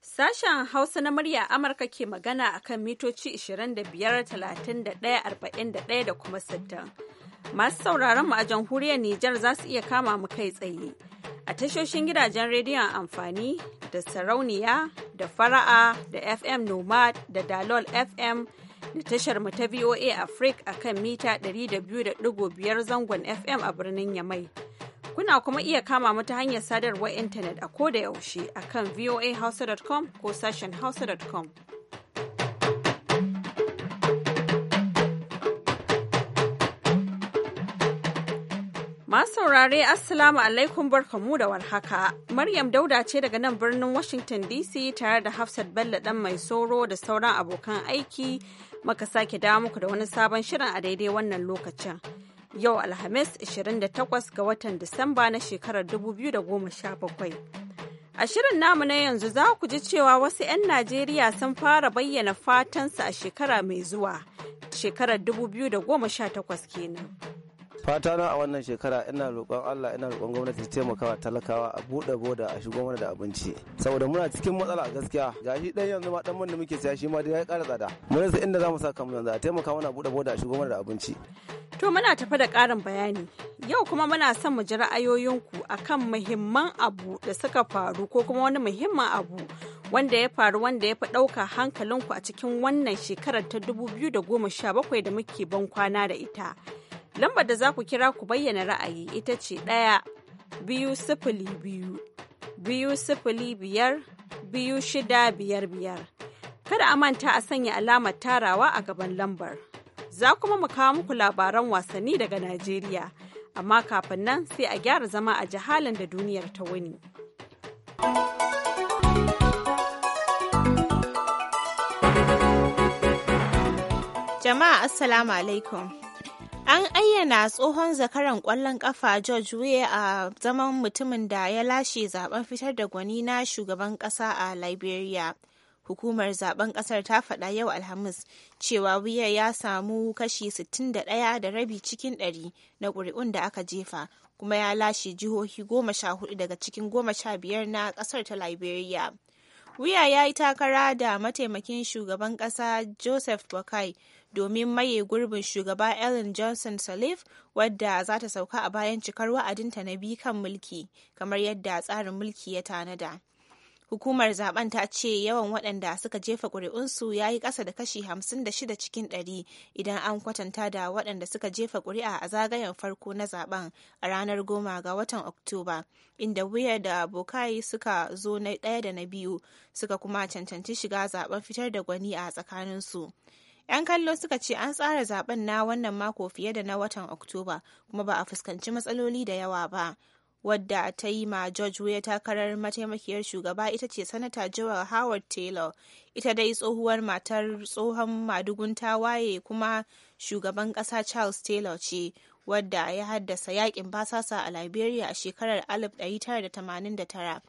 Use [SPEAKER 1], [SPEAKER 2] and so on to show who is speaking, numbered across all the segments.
[SPEAKER 1] Sashen Hausa na murya Amurka ke magana a kan mitoci 25,31,41 da kuma 60. Masu sauraron mu a jamhuriyar Nijar za su iya kama mu kai tsaye. A tashoshin gidajen rediyon amfani da sarauniya da fara'a da FM Nomad da Dalol FM da tashar mu ta VOA Africa akan mita 200.5 zangon FM a birnin Yamai. Kuna kuma iya kama mu ta hanyar sadarwar intanet a koda yaushe akan voahausa.com ko sashen hausa.com. Masu saurare Assalamu alaikum barkamu da warhaka. Maryam Dauda ce daga nan birnin Washington DC tare da Hafsat Bello ɗan mai soro da sauran abokan aiki maka sake dawo muku da wani sabon shirin a daidai wannan lokacin. Yau Alhamis 28 ga watan Disamba na shekarar 2017. A shirin namu na yanzu za ku ji cewa wasu 'yan Najeriya sun fara bayyana su a shekara mai zuwa, shekarar 2018 kenan.
[SPEAKER 2] fata na a wannan shekara ina roƙon Allah ina roƙon gwamnati ta taimakawa talakawa a buɗe boda a shigo mana da abinci saboda muna cikin matsala gaskiya gashi dan yanzu ma dan mun da muke siya shi ma dai ya ƙara tsada mun rasa inda zamu sa kanmu yanzu a taimaka mana buɗe boda a shigo mana da abinci
[SPEAKER 1] to muna tafa da ƙarin bayani yau kuma muna son mu ji ra'ayoyinku akan muhimman abu da suka faru ko kuma wani muhimman abu wanda ya faru wanda ya fi ɗauka hankalinku a cikin wannan shekarar ta 2017 da muke ban kwana da ita Lambar da za ku kira ku bayyana ra'ayi ita ce ɗaya biyu sifili biyu biyu sifili biyar biyu shida biyar biyar. Kada a manta a sanya alamar tarawa a gaban lambar. Za kuma mu kawo muku labaran wasanni daga Najeriya. amma kafin nan sai a gyara zama a jihalin da duniyar ta wuni.
[SPEAKER 3] Jama'a Assalamu alaikum. An ayyana tsohon zakaran kwallon kafa George Weah a zaman mutumin da ya lashe zaben fitar da gwani na shugaban kasa a Liberia. Hukumar zaben kasar ta faɗa yau Alhamis cewa wuya ya samu kashi 61 da rabi cikin ɗari na ƙuri'un da aka jefa, kuma ya lashe jihohi goma sha hudu daga cikin goma sha biyar na ƙasar ta Liberia. Weah ya yi takara da mataimakin shugaban ƙasa Joseph Boakai domin maye gurbin shugaba Ellen Johnson Sirleaf wadda za ta sauka a bayan cikar wa'adinta na biyu kan mulki kamar yadda tsarin mulki ya tanada. Hukumar zaben ta ce yawan waɗanda suka jefa ƙuri'unsu ya yi ƙasa da kashi 56 cikin 100 idan an kwatanta da waɗanda suka jefa ƙuri'a a zagayen farko na zaben a ranar 10 ga watan Oktoba, inda wuya da Bokai suka zo na ɗaya da na biyu suka kuma cancanci shiga zaben fitar da gwani a tsakaninsu. 'Yan kallo suka ce an tsara zaben na wannan mako fiye da na watan Oktoba kuma ba a fuskanci matsaloli da yawa ba. Wadda ta yi ma George Weah takarar mataimakiyar shugaba ita ce Sanata Joel Howard Taylor, ita dai tsohuwar matar tsohon madugun waye kuma shugaban kasa Charles Taylor ce, wadda ya haddasa yakin basasa a Liberia a shekarar 1989.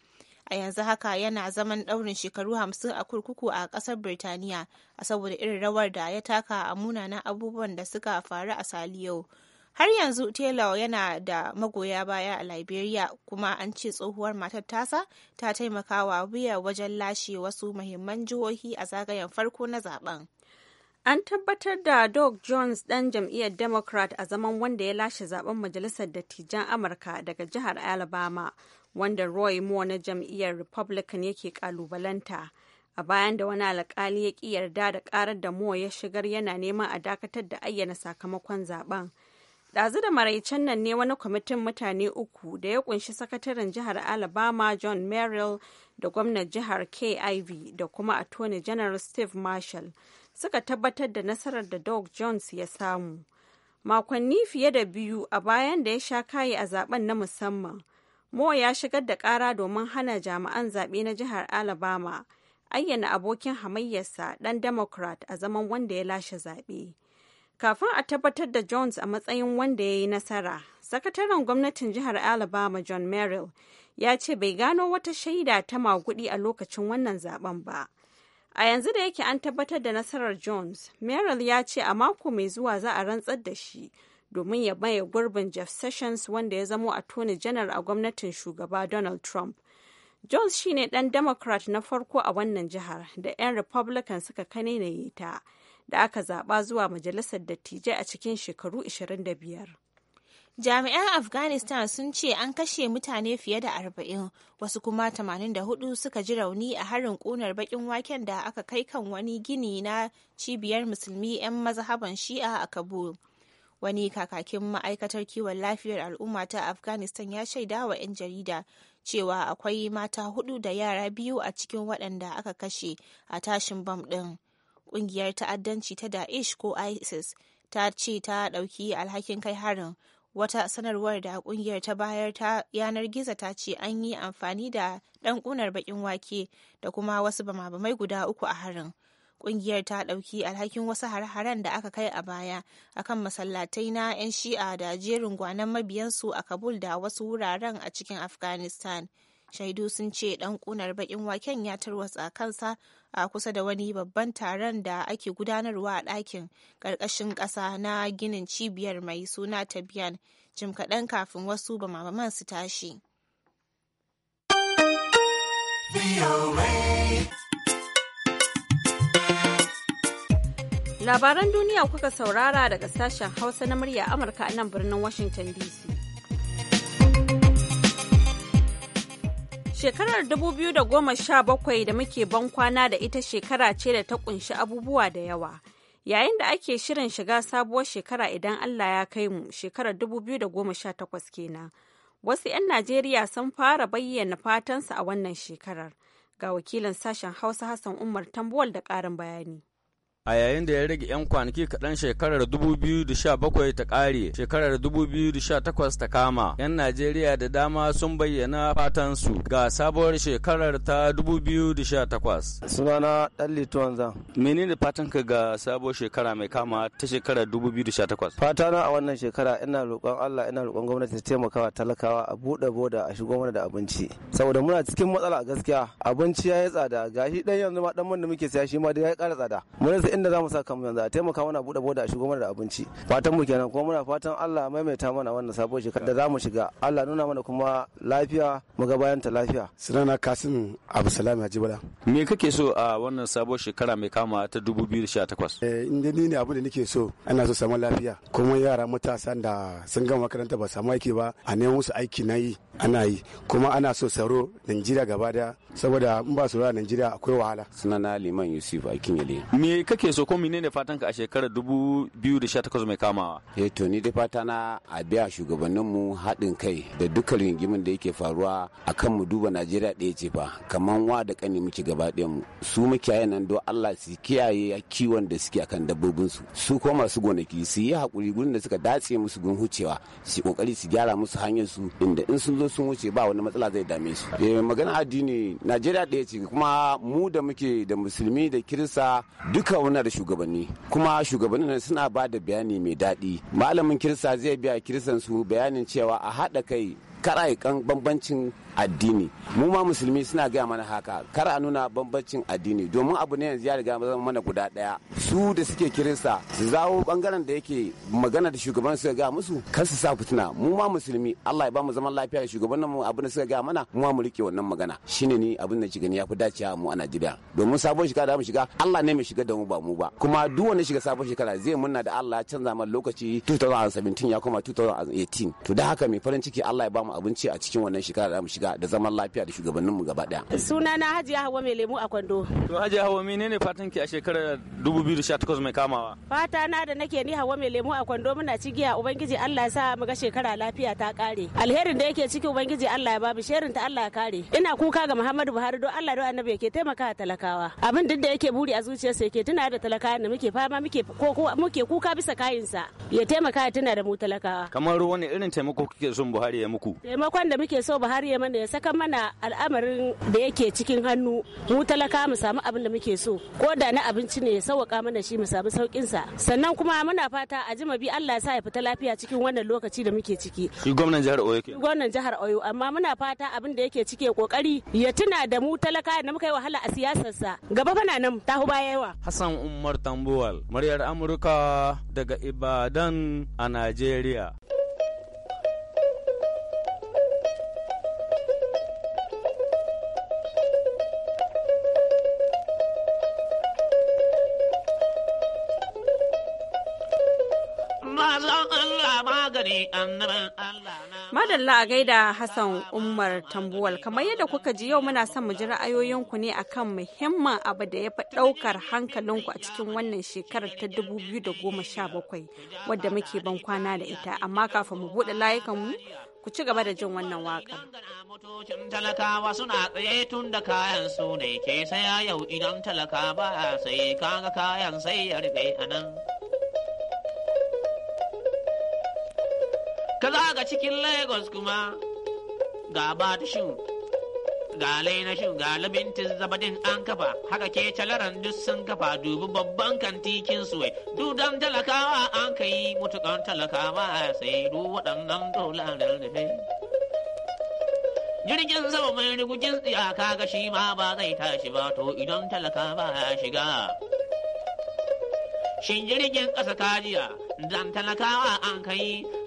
[SPEAKER 3] a yanzu haka yana zaman ɗaurin shekaru hamsin a kurkuku a ƙasar birtaniya a saboda irin rawar da ya taka a munanan abubuwan da suka faru a saliyo har yanzu taylor yana da magoya baya a liberia kuma an ce tsohuwar matar tasa ta taimakawa wuya wajen lashe wasu mahimman jihohi a zagayen farko na zaben An tabbatar da Doug Jones dan jam'iyyar Democrat a zaman wanda ya lashe
[SPEAKER 1] zaben Majalisar Dattijan Amurka daga jihar Alabama wanda roy moore na jam'iyyar republican yake kalubalanta a bayan da wani alkali ya ƙi yarda da ƙarar da moore ya shigar yana neman a dakatar da ayyana sakamakon zaben ɗazu da maraicen nan ne wani kwamitin mutane uku da ya ƙunshi sakataren jihar alabama john merrill da gwamnan jihar kiv da kuma attorney general steve marshall suka tabbatar da nasarar da doug jones ya samu makonni fiye da biyu a bayan da ya sha kayi a zaben na musamman Mo ya shigar da ƙara domin hana jami'an zaɓe na jihar Alabama ayyana abokin hamayyarsa ɗan Democrat a zaman wanda ya lashe zaɓe. Kafin a tabbatar da Jones a matsayin wanda ya yi nasara, sakataren gwamnatin jihar Alabama John Merrill ya ce bai gano wata shaida ta magudi a lokacin wannan zaben ba. A yanzu da yake an tabbatar da nasarar Jones, Merrill ya ce a mako mai zuwa za a rantsar da shi. domin ya maye gurbin Jeff Sessions wanda ya zamo a Attorney janar a gwamnatin shugaba Donald Trump. Jones shine ɗan Democrat na farko a wannan jihar da 'yan Republican suka kanene
[SPEAKER 3] ta da aka zaɓa zuwa majalisar dattijai a cikin shekaru 25. Jami'an Afghanistan sun ce an kashe mutane fiye da arba'in wasu kuma 84 suka ji rauni a harin ƙunar baƙin waken da aka kai kan wani gini na cibiyar musulmi 'yan mazhaban shi'a a Kabul. wani kakakin ma'aikatar kiwon lafiyar al'umma ta afghanistan ya shaida wa 'yan jarida cewa akwai mata hudu da yara biyu a cikin waɗanda aka kashe a tashin bam ɗin ƙungiyar ta'addanci ta daish ko isis ta ce ta ɗauki alhakin kai harin wata sanarwar da ƙungiyar ta bayar ta yanar gizo ta ce an yi amfani da ɗan ƙunar baƙin wake da kuma wasu bama-bamai guda uku a harin Ƙungiyar ta ɗauki alhakin wasu hare-haren da aka kai a baya akan masallatai na 'yan shi'a da jerin gwanan mabiyansu a Kabul da wasu wuraren a cikin Afghanistan. Shaidu sun ce ɗan ƙunar baƙin waken ya tarwatsa kansa a kusa da wani babban taron da ake gudanarwa a ɗakin ƙarƙashin ƙasa na ginin cibiyar mai suna Tabiyan jim kaɗan kafin wasu bamaman su tashi.
[SPEAKER 1] Labaran duniya kuka saurara daga sashen Hausa na murya Amurka a nan birnin Washington DC. Shekarar 2017 da muke ban kwana da ita shekara ce da ta kunshi abubuwa da yawa. Yayin da ake shirin shiga sabuwar shekara idan Allah ya kai mu shekarar 2018 kenan. Wasu 'yan Najeriya sun fara bayyana fatansu a wannan shekarar. Ga wakilin sashen Hausa Hassan Umar Tambuwal da ƙarin bayani.
[SPEAKER 4] a yayin da ya rage 'yan kwanaki kaɗan shekarar 2017 ta ƙare shekarar 2018 ta kama 'yan najeriya da dama sun bayyana fatan su ga sabuwar shekarar ta 2018
[SPEAKER 2] sunana ɗan lituwan zan
[SPEAKER 4] menene fatan ka ga sabuwar shekara mai kama ta shekarar 2018
[SPEAKER 2] fata na a wannan shekara ina roƙon allah ina roƙon gwamnati ta taimakawa talakawa a buɗe boda a shigo mana da abinci saboda muna cikin matsala gaskiya abinci ya yi tsada gashi ɗan yanzu ma ɗan man da muke siya shi ma dai ya ƙara tsada duk inda za mu sa kanmu yanzu a taimaka mana buɗe boda a shigo mana da abinci fatan mu kenan kuma muna fatan Allah maimaita mana wannan sabon shekara da za mu shiga Allah nuna mana kuma lafiya mu ga bayan ta lafiya sunana Kasim Abdulsalam Bala.
[SPEAKER 4] me kake so a wannan sabon shekara mai kama ta 2018
[SPEAKER 2] eh inda ni ne abu da nake so ana so samu lafiya kuma yara matasa da sun gama makaranta ba samu aiki ba a neman musu aiki na yi ana yi kuma ana so tsaro Najeriya gaba daya saboda in ba su a Najeriya akwai wahala sunana Liman Yusuf Akinyele
[SPEAKER 4] me kake kake so ko menene fatan ka a shekarar 2018 mai kamawa
[SPEAKER 2] eh to ni dai fata na a biya shugabannin mu haɗin kai da dukkan rigimin da yake faruwa akan mu duba Najeriya ɗaya ce fa kamar wa da kani muke gaba ɗayan mu su mukiyaye nan don Allah su kiyaye kiwon da suke akan dabbobin su su ko masu gonaki su yi hakuri gurin da suka dace musu gun hucewa su kokari su gyara musu hanyar su inda in sun zo sun wuce ba wani matsala zai dame su eh magana addini Najeriya ɗaya ce kuma mu da muke da musulmi da kirista duka muna da shugabanni kuma shugabannin suna ba da bayani mai daɗi malamin kirista zai biya kiristan su bayanin cewa a haɗa kai kan bambancin addini mu ma musulmi suna gaya mana haka kar a nuna bambancin addini domin abu ne yanzu ya riga zama mana guda daya su da suke kirista su zawo bangaren da yake magana da shugaban suka gaya musu kar su sa fitina mu ma musulmi Allah ya ba mu zaman lafiya shugaban mu abin da suka gaya mana mu ma mu rike wannan magana shine ni abin da shiga ya fi dacewa mu a Najeriya domin sabon shiga da mu shiga Allah ne mai shiga da mu ba mu ba kuma duk wanda shiga sabon shekara zai munna da Allah ya canza mana lokaci 2017 ya koma 2018 to da haka mai farin ciki Allah ya ba samu abinci a cikin wannan shekara da mu shiga da zaman lafiya da shugabannin mu gaba daya
[SPEAKER 5] suna na hajiya hawa mai lemu a kwando
[SPEAKER 4] to Haji hawa menene fatan ki a shekarar 2018 mai kamawa
[SPEAKER 5] fata na da nake ni hawa mai lemu a kwando muna cigiya ubangiji Allah ya sa mu ga shekara lafiya ta kare alherin da yake ciki ubangiji Allah ya babu sherin ta Allah ya kare ina kuka ga Muhammadu Buhari don Allah da annabi yake taimaka talakawa abin duk da yake buri a zuciyarsa yake tuna da talakawa da muke fama muke ko muke kuka bisa kayinsa ya taimaka ya tuna da mu talakawa
[SPEAKER 4] kamar ruwan irin taimako kike son Buhari ya muku
[SPEAKER 5] taimakon da muke so Buhari ya mana ya saka mana al'amarin da yake cikin hannu mu talaka mu samu abin da muke so ko da na abinci ne ya sauwaka mana shi mu samu saukin sa sannan kuma muna fata a jima bi Allah ya sa ya fita lafiya cikin wannan lokaci da
[SPEAKER 4] muke ciki shi gwamnatin jihar Oyo ke
[SPEAKER 5] gwamnatin jihar Oyo amma muna fata abin da yake ciki kokari ya tuna da mu talaka da muka yi wahala a siyasar sa gaba bana nan tahu yawa
[SPEAKER 4] Hassan Umar Tambuwal muryar Amurka daga Ibadan a Najeriya
[SPEAKER 1] Madalla a gaida Hassan Umar Tambuwal kamar yadda kuka ji yau muna son mu ji ra'ayoyinku ne kan muhimmin abu da ya fi ɗaukar hankalinku a cikin wannan shekarar ta 2017 wadda muke ban kwana da ita amma kafin mu buɗe layukanmu ku ci gaba da jin wannan waka.
[SPEAKER 6] Motocin talakawa suna tsaye tun da kayan su ne ke saya yau idan talaka ba sai kaga kayan sai ya a nan. ka za ga cikin lagos kuma ga batishin ga lainashin ga labinta zabadin an kafa haka ke calaran duk sun kafa dubi babban kantikin duk dudan talakawa an ka yi mutukan talakawa sai du waɗannan dolarar da jirgin sama mai rigujin tsiyaka ga shi ma ba zai tashi ba to idan talakawa ya shiga shin jirgin ƙasa kajiya dan talakawa an kai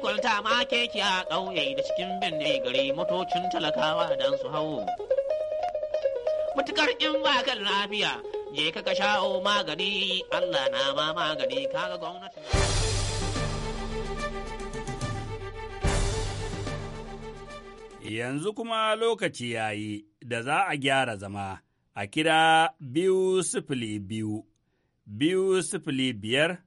[SPEAKER 6] kwalta ma keke a ƙauye da cikin binne gari motocin talakawa don su hau mutukar in ba kan lafiya je ka ka sha'o magani allah na ma magani kaga gwamnati
[SPEAKER 4] yanzu kuma lokaci ya yi da za a gyara zama a kira biyu sifili biyu biyu sifili biyar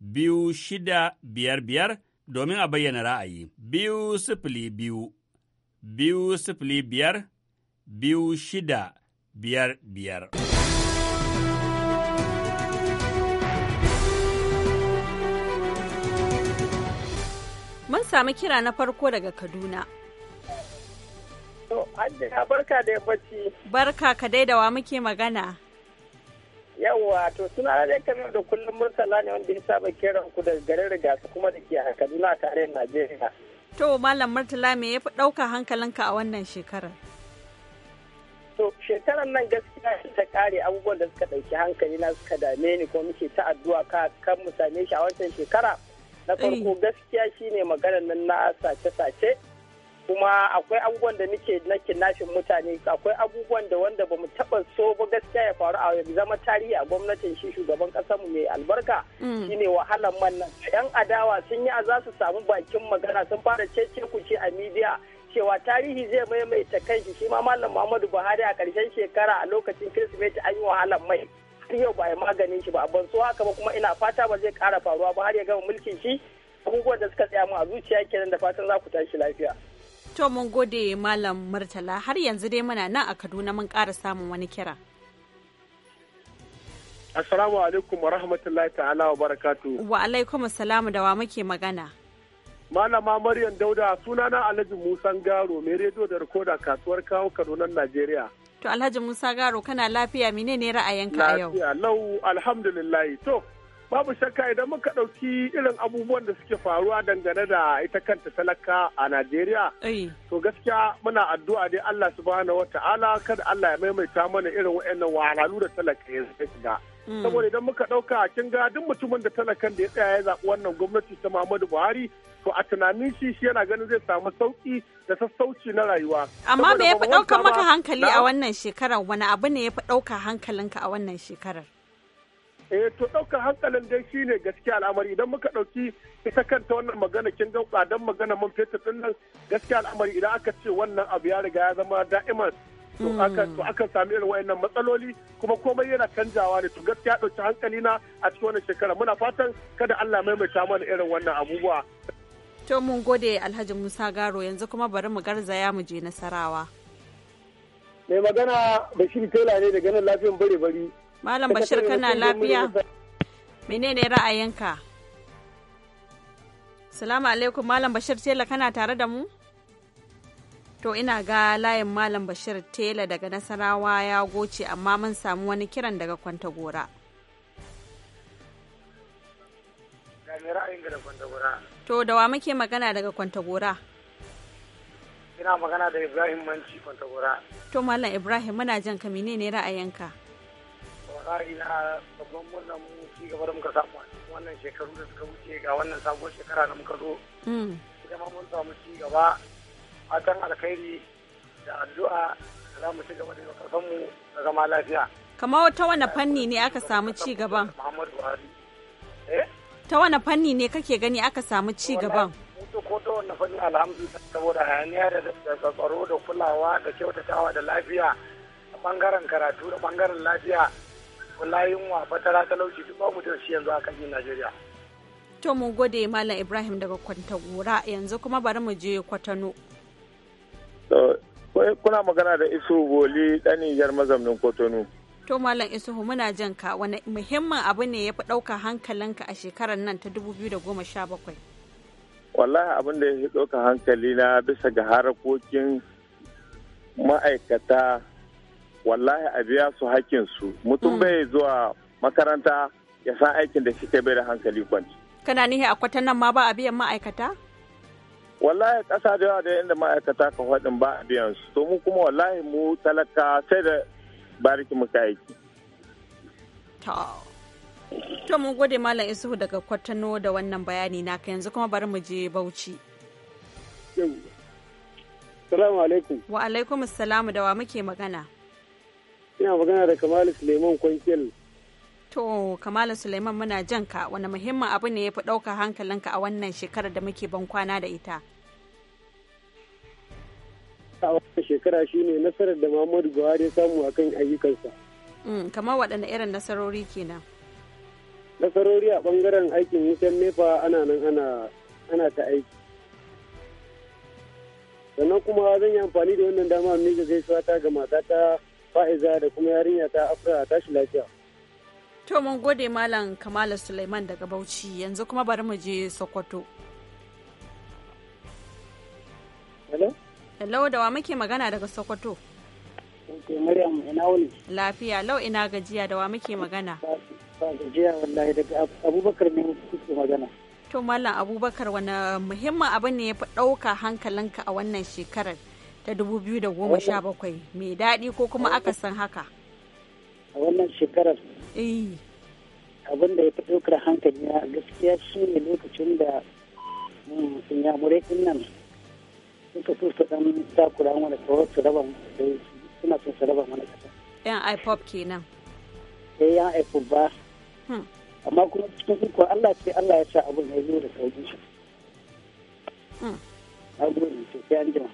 [SPEAKER 4] biyu shida biyar biyar domin a bayyana ra'ayi. Biyu sifili biyu, biyu sifili biyar, biyu shida biyar biyar.
[SPEAKER 1] Mun sami kira na farko daga Kaduna.
[SPEAKER 7] barka da bacci.
[SPEAKER 1] Barka ka dai da wa muke magana.
[SPEAKER 7] Yawwa to suna da kamar da kullum Murtala ne wanda ya saba kiran ku da garin Rigasa kuma da ke a Kaduna tare da Najeriya.
[SPEAKER 1] To Malam Murtala me ya fi ɗauka hankalinka a wannan shekarar? to shekarar nan gaskiya
[SPEAKER 7] ta kare abubuwan da suka ɗauki hankali na suka dame ni ko muke ta addu'a ka kan mu same shi a wancan shekara na farko gaskiya shine maganar nan na sace sace kuma akwai abubuwan da nake na kinnashin mutane akwai abubuwan da wanda bamu taba so ba gaskiya ya faru a zama tarihi a gwamnatin shi shugaban kasar mu mai albarka mm. shine wahalan man nan yan adawa sun yi za su samu bakin magana sun fara cece ce a media cewa tarihi zai maimaita kanshi shi ma mallam Muhammadu Buhari a karshen shekara a lokacin Kirsimeti an yi wahalan mai har yau ba ya maganin shi ba ban so haka ba kuma ina fata ba zai kara faruwa ba har ya gama mulkin shi abubuwan da suka tsaya mu a zuciya kenan da fatan za ku tashi lafiya.
[SPEAKER 1] To mun gode Malam Murtala har yanzu dai muna nan a Kaduna mun ƙara samun wani kira.
[SPEAKER 8] Assalamu alaikum wa rahmatullahi ta'ala wa barakatu.
[SPEAKER 1] Wa alaikum assalamu da wa muke magana.
[SPEAKER 8] Malama Maryam Dauda sunana Alhaji Musa Garo mai rediyo da rikoda kasuwar kawo Kaduna Najeriya.
[SPEAKER 1] To Alhaji Musa Garo kana lafiya menene ra'ayinka a yau? Lafiya
[SPEAKER 8] lau alhamdulillah to babu shakka idan muka ɗauki irin abubuwan da suke faruwa dangane da ita kanta talaka a Najeriya. To gaskiya muna addu'a dai Allah subhanahu ta'ala kada Allah ya maimaita mana irin wa'annan wahalhalu da talaka ya shiga. Hmm. Saboda idan muka ɗauka kin ga duk mutumin da talakan da ya tsaya ya zaɓi wannan gwamnati ta Muhammadu Buhari to a tunanin shi shi yana ganin zai samu sauki da sassauci na rayuwa. Amma me ya fi ɗaukar maka hankali a
[SPEAKER 1] wannan shekarar wani abu ne ya fi ɗauka hankalinka a wannan shekarar?
[SPEAKER 8] eh to ɗaukar hankalin dai shine gaskiya al'amari idan muka ɗauki ita kanta wannan magana kin ga dan magana mun fetur din nan gaskiya al'amari idan aka ce wannan abu ya riga ya zama da'iman to hmm. akan sami irin wayannan matsaloli kuma komai yana canjawa ne to gaskiya ɗauki hankali na a cikin wannan shekara muna fatan kada Allah maimaita mana irin wannan abubuwa
[SPEAKER 1] to mun gode Alhaji Musa Garo yanzu kuma bari mu garzaya mu je Nasarawa
[SPEAKER 8] mai magana Bashir Tela ne daga nan lafiyan bare bari Malam Bashir kana lafiya?
[SPEAKER 1] Menene ra'ayinka? Salamu alaikum Malam Bashir Tela kana tare da mu? To ina ga layin Malam Bashir Tela daga Nasarawa ya goce amma mun samu wani kiran daga Kwantagora. To da wa muke magana daga Kwantagora?
[SPEAKER 7] Ina magana da Ibrahim Manci Kwantagora.
[SPEAKER 1] To Malam Ibrahim muna jan ka menene ra'ayinka?
[SPEAKER 7] tsari na babban murnar mu ci gaba da muka samu a cikin wannan shekaru da suka wuce ga wannan sabuwar shekara da muka zo. Mm. Ita ma mun samu ci gaba a can alkhairi da addu'a da za mu ci gaba da yau mu da zama lafiya.
[SPEAKER 1] Kamar wata wani fanni ne aka samu ci gaban?
[SPEAKER 7] Muhammadu Buhari. Eh?
[SPEAKER 1] ta wani fanni ne kake gani aka samu ci gaban?
[SPEAKER 7] ko ta wani fanni alhamdulillah saboda hayaniya da tsaro da kulawa da kyautatawa da lafiya da bangaren karatu da bangaren lafiya wallahi wa fatara talauci duk mu da shi yanzu a kan Najeriya.
[SPEAKER 1] To gode Malam Ibrahim daga Gora yanzu kuma bari mu je Kwatano.
[SPEAKER 8] kuna magana da Isu Boli ɗan Nijar mazamnin Kwatano.
[SPEAKER 1] To Malam Isu muna jan ka wani muhimmin abu ne ya fi ɗauka hankalinka a shekarar nan ta 2017.
[SPEAKER 8] Wallahi abin da ya fi ɗauka hankali na bisa ga harakokin ma'aikata wallahi a biya su hakkin su mutum mm. bai zuwa makaranta ya san aikin da shi bai da hankali kwanci
[SPEAKER 1] kana nihi a kwatan nan ma ba a biyan ma'aikata
[SPEAKER 8] wallahi ƙasa da yawa da inda ma'aikata ka faɗin ba a biyan su to mu kuma wallahi mu talaka sai da bariki muka aiki
[SPEAKER 1] to mun gode malam isuhu daga kwatano da wannan bayani naka yanzu kuma bari mu je bauchi Salamu alaikum. Wa alaikum salamu da wa muke magana.
[SPEAKER 8] ina magana da kamalu suleiman kwankil
[SPEAKER 1] to kamalu suleiman muna jan ka wani muhimmin abu ne ya fi ɗauka hankalinka a wannan shekarar da muke bankwana da ita
[SPEAKER 8] a wannan shekara shi ne nasarar da muhammadu buhari ya samu a kan ayyukansa
[SPEAKER 1] mm, kamar waɗanne irin nasarori kenan
[SPEAKER 8] nasarori a ɓangaren aikin wutan nefa ana nan ana ta aiki sannan kuma zan yi amfani da wannan dama ne ga gaisuwa ta ga matata fa'iza da kuma yarinya ta afra tashi lafiya
[SPEAKER 1] to mun gode malam kamala suleiman daga bauchi yanzu kuma bari mu je sokoto hello hello da wa muke magana daga sokoto ke maryam ina wuni lafiya lau ina gajiya da wa muke magana
[SPEAKER 7] ba gajiya wallahi daga abubakar ne kuke
[SPEAKER 1] magana to malam abubakar wani muhimmin abu ne ya fi ɗauka hankalinka a wannan shekarar ta 2017 mai daɗi ko kuma aka san haka
[SPEAKER 7] a wannan shekarar eh. abin da ya fi ɗaukar hankali na gaskiya shi ne lokacin da mm, ya ɗin nan suka so su ɗan takura wani kawar su raba suna son su raba wani kasa
[SPEAKER 1] yan ipop kenan
[SPEAKER 7] eh yan ipop ba hmm. amma kuma cikin iko Allah ce Allah ya sa abin ya zo da sauƙi. Hmm. Na gode sosai an jima.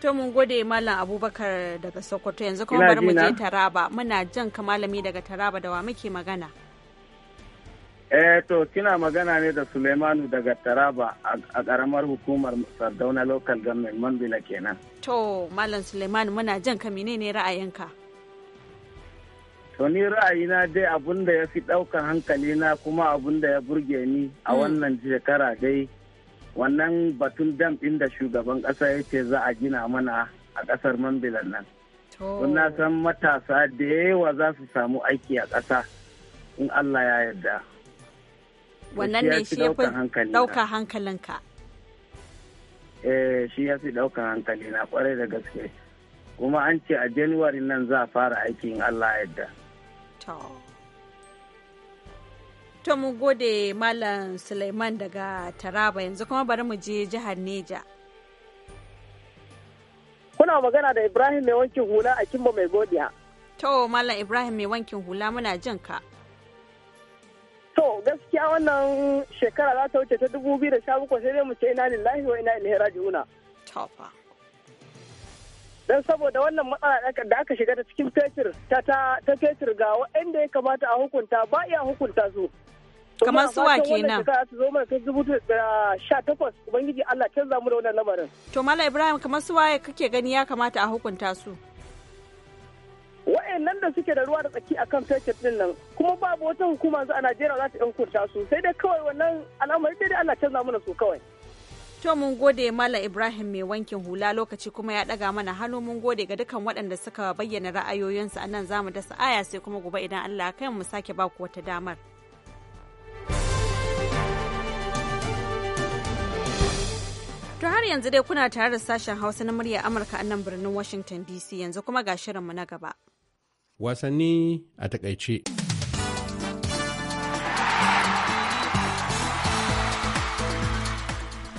[SPEAKER 1] To mun gode Malam Abubakar daga Sokoto yanzu kuma bari mu je Taraba muna jan ka malami daga Taraba da wa muke magana.
[SPEAKER 8] Eh to kina magana
[SPEAKER 7] ne da Suleimanu daga Taraba a karamar hukumar Sardauna Local Government Mambila kenan.
[SPEAKER 1] To Malam Suleimanu muna jan ka menene ra'ayinka?
[SPEAKER 7] To ni ra'ayina dai abunda da ya fi ɗaukar hankali na kuma abunda da ya burge ni a mm. wannan shekara dai wannan batun dam ɗin da shugaban ƙasa ya ce za a gina mana a ƙasar mambilan nan. na san matasa da yawa za su samu aiki a ƙasa in Allah ya yarda. Wannan ne shi ya fi ɗauka
[SPEAKER 1] hankalinka.
[SPEAKER 7] Eh shi ya fi hankali na kwarai da gaske. Kuma an ce a Januwari nan za a fara aiki in Allah ya yarda.
[SPEAKER 1] To mu gode Malam Suleiman daga Taraba yanzu kuma bari mu je jihar Neja.
[SPEAKER 7] Kuna magana da Ibrahim mai wankin hula a Kimbo mai godiya.
[SPEAKER 1] To Malam Ibrahim mai wankin hula muna jin ka.
[SPEAKER 7] To gaskiya wannan shekara za ta wuce ta dubu biyu da sha bakwai sai dai mu ce ina lillahi wa ina ilaihi raji'una. Tofa. don saboda wannan matsala da aka shiga ta cikin fetur ta ta fetur ga waɗanda ya kamata a hukunta ba iya hukunta su
[SPEAKER 1] kamar suwa kenan
[SPEAKER 7] ubangiji Allah canza mu da wannan lamarin
[SPEAKER 1] to mala ibrahim kamar suwa kake gani ya kamata a hukunta su
[SPEAKER 7] wa'annan da suke da ruwa da tsaki akan fetur din nan kuma babu wata hukuma a Najeriya za ta hukunta su sai dai kawai wannan al'amari dai Allah canza mu da su kawai
[SPEAKER 1] To mun gode Mala Ibrahim mai wankin hula lokaci kuma ya ɗaga mana hannu mun gode ga dukan waɗanda suka bayyana ra'ayoyinsu a nan zamu da dasa aya sai kuma gobe idan Allah kai mu sake ba ku wata damar. To har yanzu dai kuna tare da sashen Hausa na murya Amurka a nan birnin Washington DC yanzu kuma ga shirinmu na gaba.
[SPEAKER 2] Wasanni a takaice.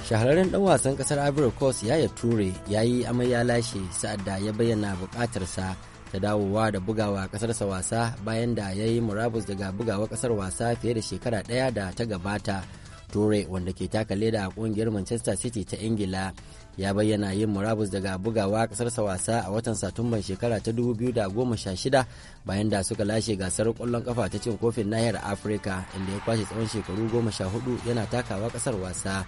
[SPEAKER 9] shahararren ɗan wasan kasar ivory coast yaya ture ya yi amai ya lashe sa'ad da ya bayyana bukatarsa ta dawowa da bugawa ƙasarsa wasa bayan da ya yi murabus daga bugawa ƙasar wasa fiye da shekara ɗaya da ta gabata Ture wanda ke taka leda a kungiyar Manchester City ta Ingila ya bayyana yin murabus daga bugawa kasarsa wasa a watan Satumban shekara ta 2016 bayan da suka lashe gasar kwallon kafa ta cin kofin nahiyar Afirka inda ya kwashe tsawon shekaru 14 yana takawa kasar wasa.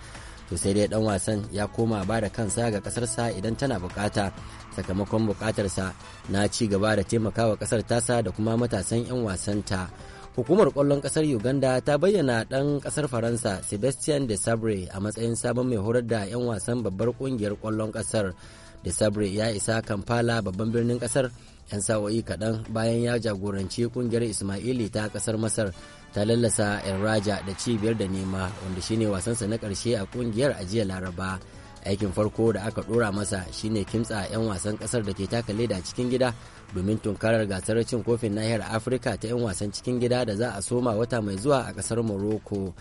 [SPEAKER 9] to sai dai dan wasan ya koma ba da kansa ga kasarsa idan tana bukata sakamakon bukatarsa na ci gaba da taimakawa kasar tasa da kuma matasan 'yan wasanta. ta hukumar kwallon kasar uganda ta bayyana dan kasar faransa sebastian de sabre a matsayin sabon mai horar da 'yan wasan babbar kungiyar kwallon kasar de sabre ya isa kampala babban birnin kasar 'yan sa'o'i kaɗan bayan ya jagoranci kungiyar ismaili ta kasar masar ta lallasa raja da cibiyar da nema wanda shine wasansa na ƙarshe a kungiyar a laraba aikin farko da aka ɗora masa shine kimtsa 'yan wasan kasar da ke taka leda cikin gida domin tunkarar gasar cin kofin nahiyar afirka ta 'yan wasan cikin gida da za a soma wata mai zuwa a kasar morocco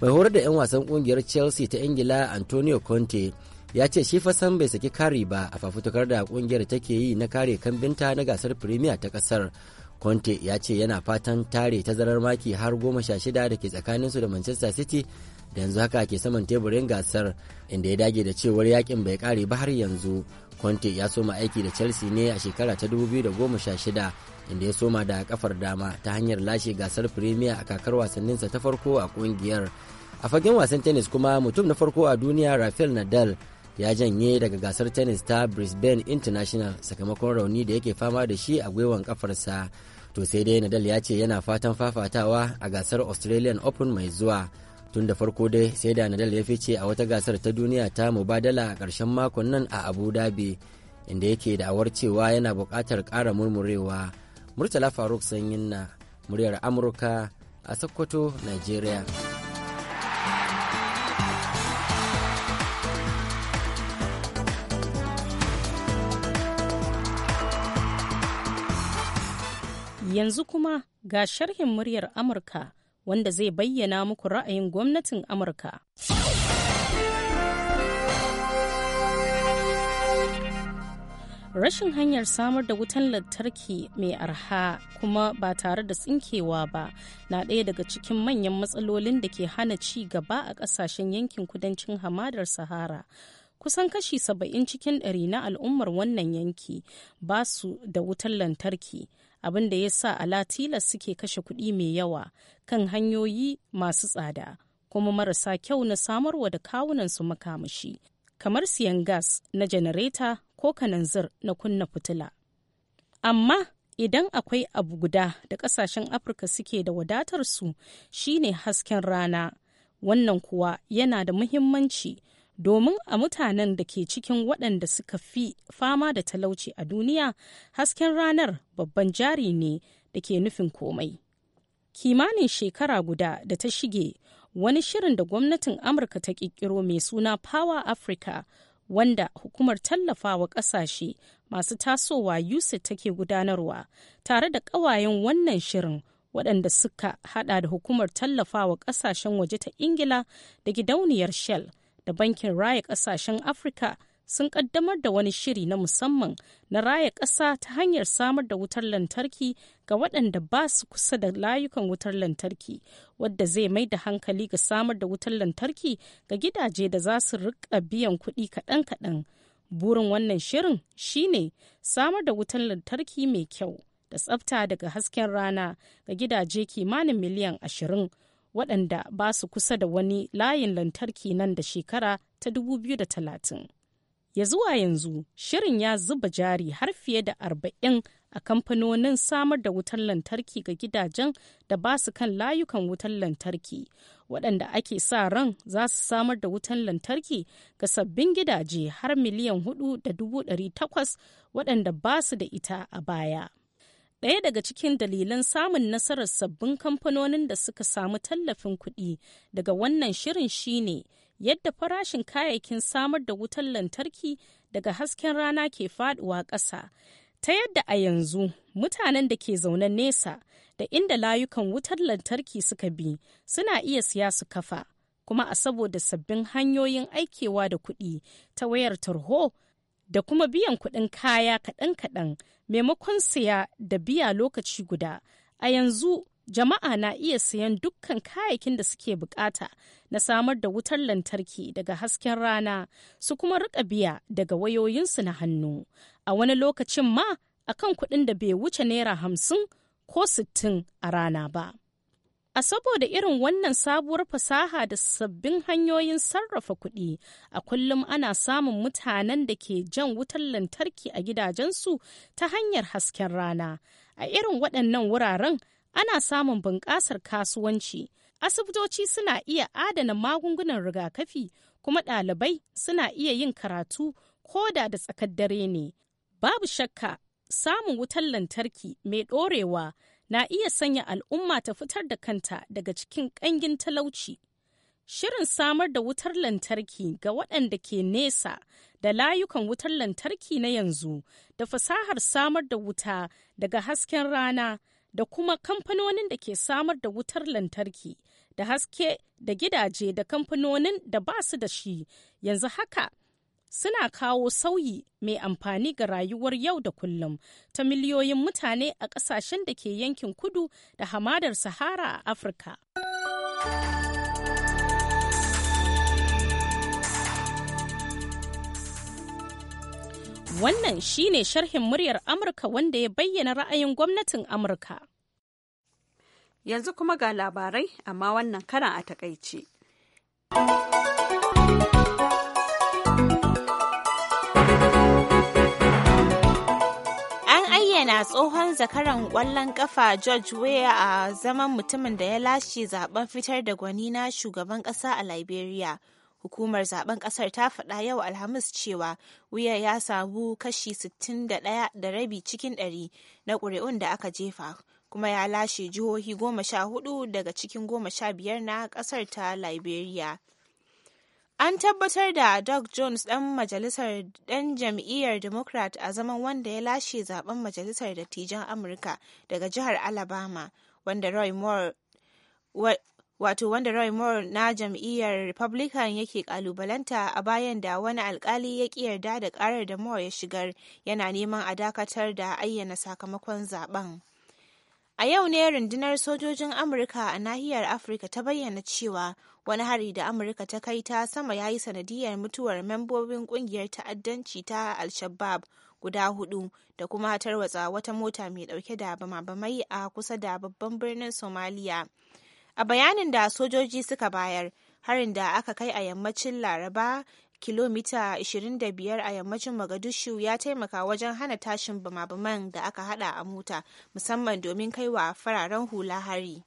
[SPEAKER 9] mai horar da 'yan wasan kungiyar chelsea ta ingila antonio conte ya ce shi fa san bai saki kari ba a fafutukar da kungiyar take yi na kare kambinta na gasar premier ta kasar conte ya ce yana fatan tare tazarar maki har goma sha shida da ke tsakaninsu da manchester city da yanzu haka ke saman teburin gasar inda ya dage da cewar yakin bai kare ba har yanzu conte ya soma aiki da chelsea ne a shekara ta 2016 inda ya soma da kafar dama ta hanyar lashe gasar premier a kakar wasanninsa ta farko a kungiyar a fagen wasan tennis kuma mutum na farko a duniya rafael nadal ya janye daga gasar tennis ta brisbane international sakamakon rauni da yake fama da shi a gwiwan kafarsa to sai dai nadal ya ce yana fatan fafatawa a gasar australian open mai zuwa tun da farko dai sai da nadal ya fice a wata gasar ta duniya ta mubadala a ƙarshen makon nan a abu dhabi inda yake da'awar cewa yana buƙatar ƙara murmurewa murtala faruk sanyin na muryar amurka a sokoto nigeria
[SPEAKER 10] yanzu kuma ga sharhin muryar amurka wanda zai bayyana muku ra'ayin gwamnatin Amurka. rashin hanyar samar da wutan lantarki mai arha kuma ba tare da tsinkewa ba na ɗaya daga cikin manyan matsalolin da ke hana ci gaba a ƙasashen yankin kudancin hamadar sahara kusan kashi saba'in cikin ɗari na al'ummar wannan yanki ba su da wutan lantarki abin da ya sa tilas suke kashe kuɗi mai yawa kan hanyoyi masu tsada kuma marasa kyau na samarwa da kawunansu makamashi kamar siyan gas na janareta ko kananzir na kunna fitila amma idan akwai abu guda da kasashen afirka suke da wadatarsu, su shine hasken rana wannan kuwa yana da muhimmanci domin a mutanen da ke cikin waɗanda suka fi fama da talauci a duniya hasken ranar babban jari ne da ke nufin komai kimanin shekara guda da ta shige wani shirin da gwamnatin amurka ta ƙirƙiro mai suna power africa wanda hukumar tallafawa ƙasashe masu tasowa usaid take gudanarwa tare da ƙawayen wannan shirin waɗanda suka hada da hukumar tallafawa ƙasashen waje ta ingila da gidauniyar shell da bankin raya kasashen afirka sun kaddamar da wani shiri na musamman na raya ƙasa ta hanyar samar da wutar lantarki ga waɗanda ba su kusa da layukan wutar lantarki wadda zai mai da hankali ga samar da wutar lantarki ga gidaje da za su riƙa biyan kuɗi kaɗan-kaɗan burin wannan shirin shine samar da wutar lantarki mai kyau da tsafta daga hasken rana ga gidaje kimanin miliyan ashirin waɗanda ba su kusa da wani layin lantarki nan da shekara ta 2030. Ya zuwa yanzu, shirin ya zuba jari har fiye da arba'in a kamfanonin samar da wutar lantarki ga gidajen da ba su kan layukan wutar lantarki, waɗanda ake sa ran za su samar da wutar lantarki ga sabbin gidaje har miliyan hudu waɗanda ba su da ita a baya. ɗaya daga cikin dalilan samun nasarar sabbin kamfanonin da suka samu tallafin kuɗi daga wannan shirin shine yadda farashin kayayyakin samar da wutar lantarki daga hasken rana ke faɗuwa ƙasa ta yadda a yanzu mutanen da ke zaune nesa da inda layukan wutar lantarki suka bi suna iya siya su kafa kuma a saboda sabbin hanyoyin aikewa da kuɗi ta wayar tarho da kuma biyan kuɗin kaya kaɗan-kaɗan maimakon siya da biya lokaci guda. A yanzu jama'a na iya siyan dukkan kayayyakin da suke bukata na samar da wutar lantarki daga hasken rana su kuma riƙa biya daga wayoyinsu na hannu. A wani lokacin ma akan kuɗin da bai wuce naira hamsin ko sittin a rana ba. A saboda irin wannan sabuwar fasaha da sabbin hanyoyin sarrafa kuɗi, a kullum ana samun mutanen da ke jan wutar lantarki a gidajensu ta hanyar hasken rana. A irin waɗannan wuraren ana samun bunƙasar kasuwanci. Asibitoci suna iya adana magungunan rigakafi, kuma ɗalibai suna iya yin karatu koda da tsakar dare ne. Babu shakka, samun wutar lantarki mai ɗorewa na iya sanya al'umma ta fitar da kanta daga cikin ƙangin talauci. Shirin samar da wutar lantarki ga waɗanda ke nesa da layukan wutar lantarki na yanzu da fasahar samar da wuta daga hasken rana da kuma kamfanonin da ke samar da wutar lantarki da haske da gidaje da kamfanonin da ba su da shi yanzu haka suna kawo sauyi mai amfani ga rayuwar yau da kullum ta miliyoyin mutane a ƙasashen da ke yankin kudu da hamadar Sahara a Afirka. Wannan shine sharhin muryar Amurka wanda ya bayyana ra'ayin gwamnatin Amurka.
[SPEAKER 1] Yanzu kuma ga labarai amma wannan karan a takaice.
[SPEAKER 3] kirawo zakaran kwallon kafa George Weah a zaman mutumin da ya lashe zaben fitar da gwani na shugaban kasa a Liberia. Hukumar zaben kasar ta faɗa yau Alhamis cewa Weah ya samu kashi 61 da rabi cikin ɗari na ƙuri'un da aka jefa, kuma ya lashe jihohi 14 daga cikin 15 na ƙasar ta Liberia. An tabbatar da Doug Jones ɗan majalisar ɗan jam'iyyar Democrat a zaman wanda ya lashe zaben majalisar dattijan Amurka daga jihar Alabama, wanda Roy Moore wato wanda Roy Moore na jam'iyyar Republican yake kalubalanta a bayan da wani alkali ya ƙi yarda da ƙarar da Moore ya shigar yana neman a dakatar da ayyana sakamakon zaben. A yau ne rundunar sojojin Amurka a nahiyar Afirka ta bayyana cewa wani hari da Amurka ta kai ta sama ya yi sanadiyar mutuwar membobin kungiyar ta'addanci ta Al-Shabaab guda hudu da kuma tarwatsa wata mota mai dauke da bama-bamai a kusa da babban birnin Somalia. A bayanin da sojoji suka bayar, harin da aka kai a yammacin Laraba kilomita 25 a yammacin Mogadishu ya taimaka wajen hana tashin bama-baman da aka hada a mota musamman domin kaiwa fararen hula hari.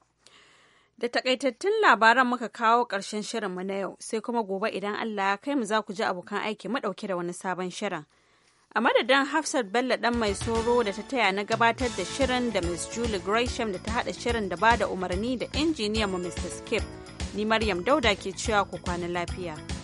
[SPEAKER 3] Da takaitattun labaran muka kawo ƙarshen mu
[SPEAKER 1] na yau sai kuma gobe idan Allah ya kai mu za ku ji abokan aiki madauke da wani sabon shirin. A madadin Hafsat Bello dan mai soro da ta taya na gabatar da shirin da Miss Julie Gresham da ta haɗa shirin da bada umarni da injiniyan mu Mr. Skip. Ni Maryam Dauda ke cewa ku kwana lafiya.